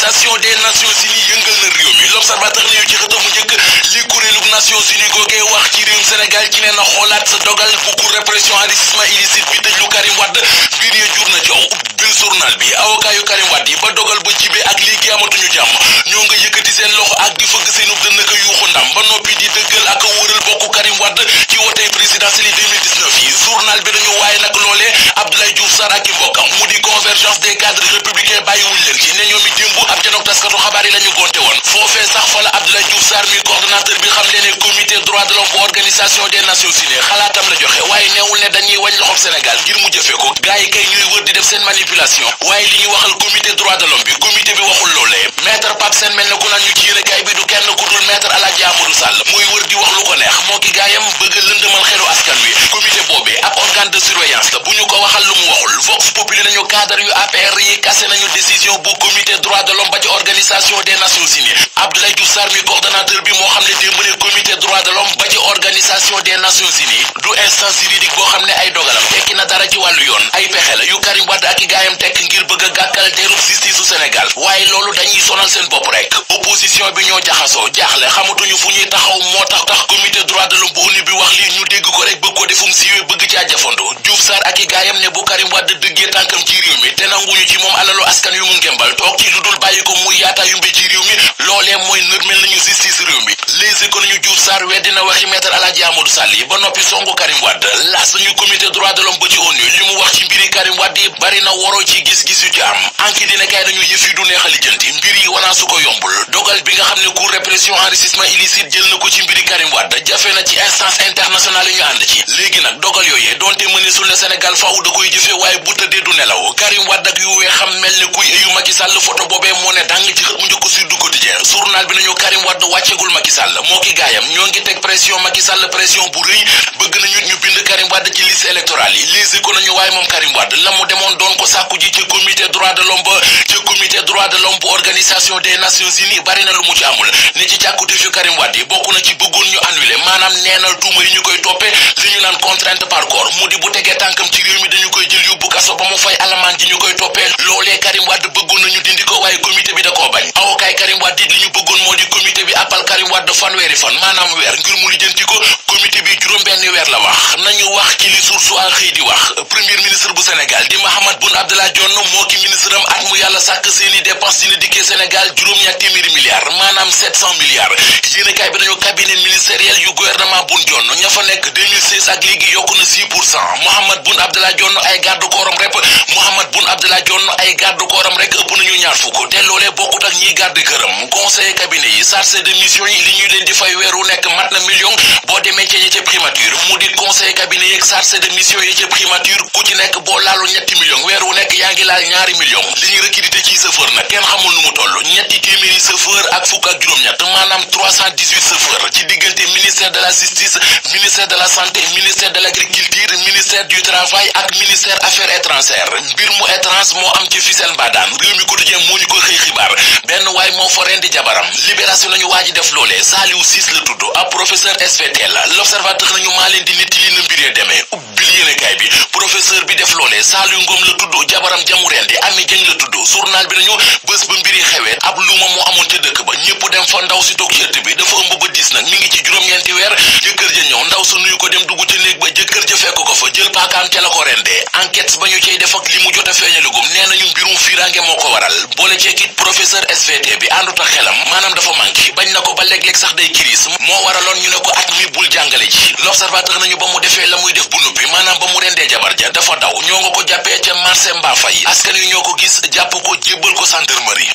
organisation des nations unies yëngal na réew mi l'observateur nañu ci xëtëf njëkk li kuréelug nations unies googee wax ci réewum Sénégal ci nee na xoolaat sa dogal bu cour répression enrichissement illicite bi tëj Karim Wade mbir jur na coow ubbil journal bi avocat yu Karim Wade yi ba dogal ba jibee ak léegi amatuñu jàmm ñoo nga yëkkati seen loxo ak di fëgg seenu dënn ko yuuxu ndam ba noppi di dëggal ak wëral bokku Karim Wade ci wote présidentielle yi 2019 yi journal bi dañu waaye nag loolee mu di convergence des cadres républicains bàyyiwuñ leen ci ne ab janoog taskatu xabaar yi la ñu gonte woon foofee sax fa la Abdoulaye Diouf Sarr mi bi xam leen ne comité droit de l'homme bu organisation des nations unies xalaatam la joxe waaye neewul ne dañuy wañ loxob Sénégal ngir mu jëfee ko gars yi ñuy wër di def seen manipulation waaye li ñuy waxal comité droit de l'homme bi comité bi waxul loolee maître Pape Sène mel na ci yéene gaay bi du kenn ku dul maître Alaaji Amadou Sall muy wër di wax lu ko neex moo ki gaayam bëgg lëndëmal xelu askan nañu cadre yu APR yi kase nañu décision bu comité droit de l'homme ba ci organisation des nations unies Abdoulaye Diouf mi coordonnateur bi moo xam ne démb ne comité droit de l'homme ba ci organisation des nations unies du instance juridique boo xam ne dara ci wàllu yoon ay pexe yu Karim Wade ak i gaayam tekk ngir bëgg a gàkkal deru justice su Sénégal waaye loolu dañuy sonal seen bopp rek opposition bi ñoo jaxasoo jaaxle xamatuñu fu ñuy taxaw moo tax tax comité droit de l'homme bu ONU bi wax lii ñu dégg ko rek bëgg ko defum siiwee bëgg caa jafandu Diouf Sarr ak i gaayam ne bu Karim Wade dëggee tànkam ci réew mi te nanguñu ci moom alalu askan yu mu ngembal toog ci lu dul bàyyi ko muy yaataa yumbe ONU li mu wax ci mbiri Karim Wade bari na waroo ci gis-gis yu ci dina kay dañu yëf yi du neex a lijjanti mbir yi wanaa su ko yombul dogal bi nga xam ne cour répression enrichissement illicite jël na ko ci mbiri Karim jafe na ci instance internationale yi ànd ci léegi nag dogal yooyee donte mënesul ne Sénégal faaw da koy waaye bu tëddee nelaw Karim Wade ak Macky Sall photo boobee moo ne dàng ci xët mu njëkk Sud Quotidien bi nañu Karim Wade wàccegul Macky Sall moo ki gaayam ñoo ngi teg pression Macky Sall pression bu rëy bëgg nañu ñu bind Karim Wade ci liste électorale yi liste ko nañu waaye moom Karim Wade la mu demoon doon ko sàkku ji ci comité droit de l'homme ci comité droit de l'homme organisation des nations unies bari na lu mu ci amul ne Karim Wade yi bokk na ci bëggoon ñu annulé maanaam soo ba mu fay alamaan ji ñu koy toppee loolee Karim Wade bëggoon nañu dindi ko waaye comité Karim Wade fanweeri fan maanaam weer ngir mu lijjanti ko bi juróom-benni weer la wax nañu wax ci li source a xëy di wax premier ministre bu Sénégal di Mahammed Boun Abdallah Dionne moo ki ministre am at mu yàlla sàkk seeni dépense dina dikkee Sénégal juróom-ñaar téeméeri milliards maanaam 700 milliards yéenekaay bi dañu cabinet ministériel yu gouvernement Boun Dionne ña fa nekk 2016 ak léegi yokku na 6 pour Abdallah Dionne ay garde corps rek li ñu leen di fay weer wu nekk mat na million boo demee ca ña ca primature mu di conseil cabinet yeeg chargé de mission yi primature ku ci nekk boo laalu ñetti million weer wu nekk yaa ngi laal ñaari million li ñu ci chauffeur nag kenn xamul nu mu toll ñetti téeméeri chauffeur ak fukk ak juróom-ñett maanaam 318 ci diggante ministère de la justice ministère de la santé ministère de l'agriculture ministère du travail ak ministère affaires étrangères mbir mu étrange moo am ci Fissel Mbadane réew mi quotidien moo ñu ko xëy xibaar benn waay moo fa rendi jabaram libération nañu waa def loolee Saliou Ciss la tudd ab professeur jabaram jamureen di ami jëng la tudd journal bi nañu bés ba mbiri xewee ab luuma moo amoon ca dëkk ba ñëpp dem fa ndaw si toog cëtt bi dafa ëmb ba diis nag mi ngi ci juróom-ñeenti weer jëkkër ja ñëw ndaw sa ko fekk ko fa jël paakaam ca la ko rendee enquête ba ñu cey def ak li mu jot a feeñalugum nee nañu mbirum fiiraange moo ko waral boole ceekit professeur SVT bi àndut ak xelam maanaam dafa manqué bañ na ko ba léeg-léeg sax day crise moo waraloon ñu ne ko at mi bul jàngale ji l'observateur nañu ba mu defee la muy def bu nuppi maanaam ba mu rendee jabar ja dafa daw ñoo nga ko jàppee ca marché mbaa fay askan yu ñoo ko gis jàpp ko jébbal ko gendarmerie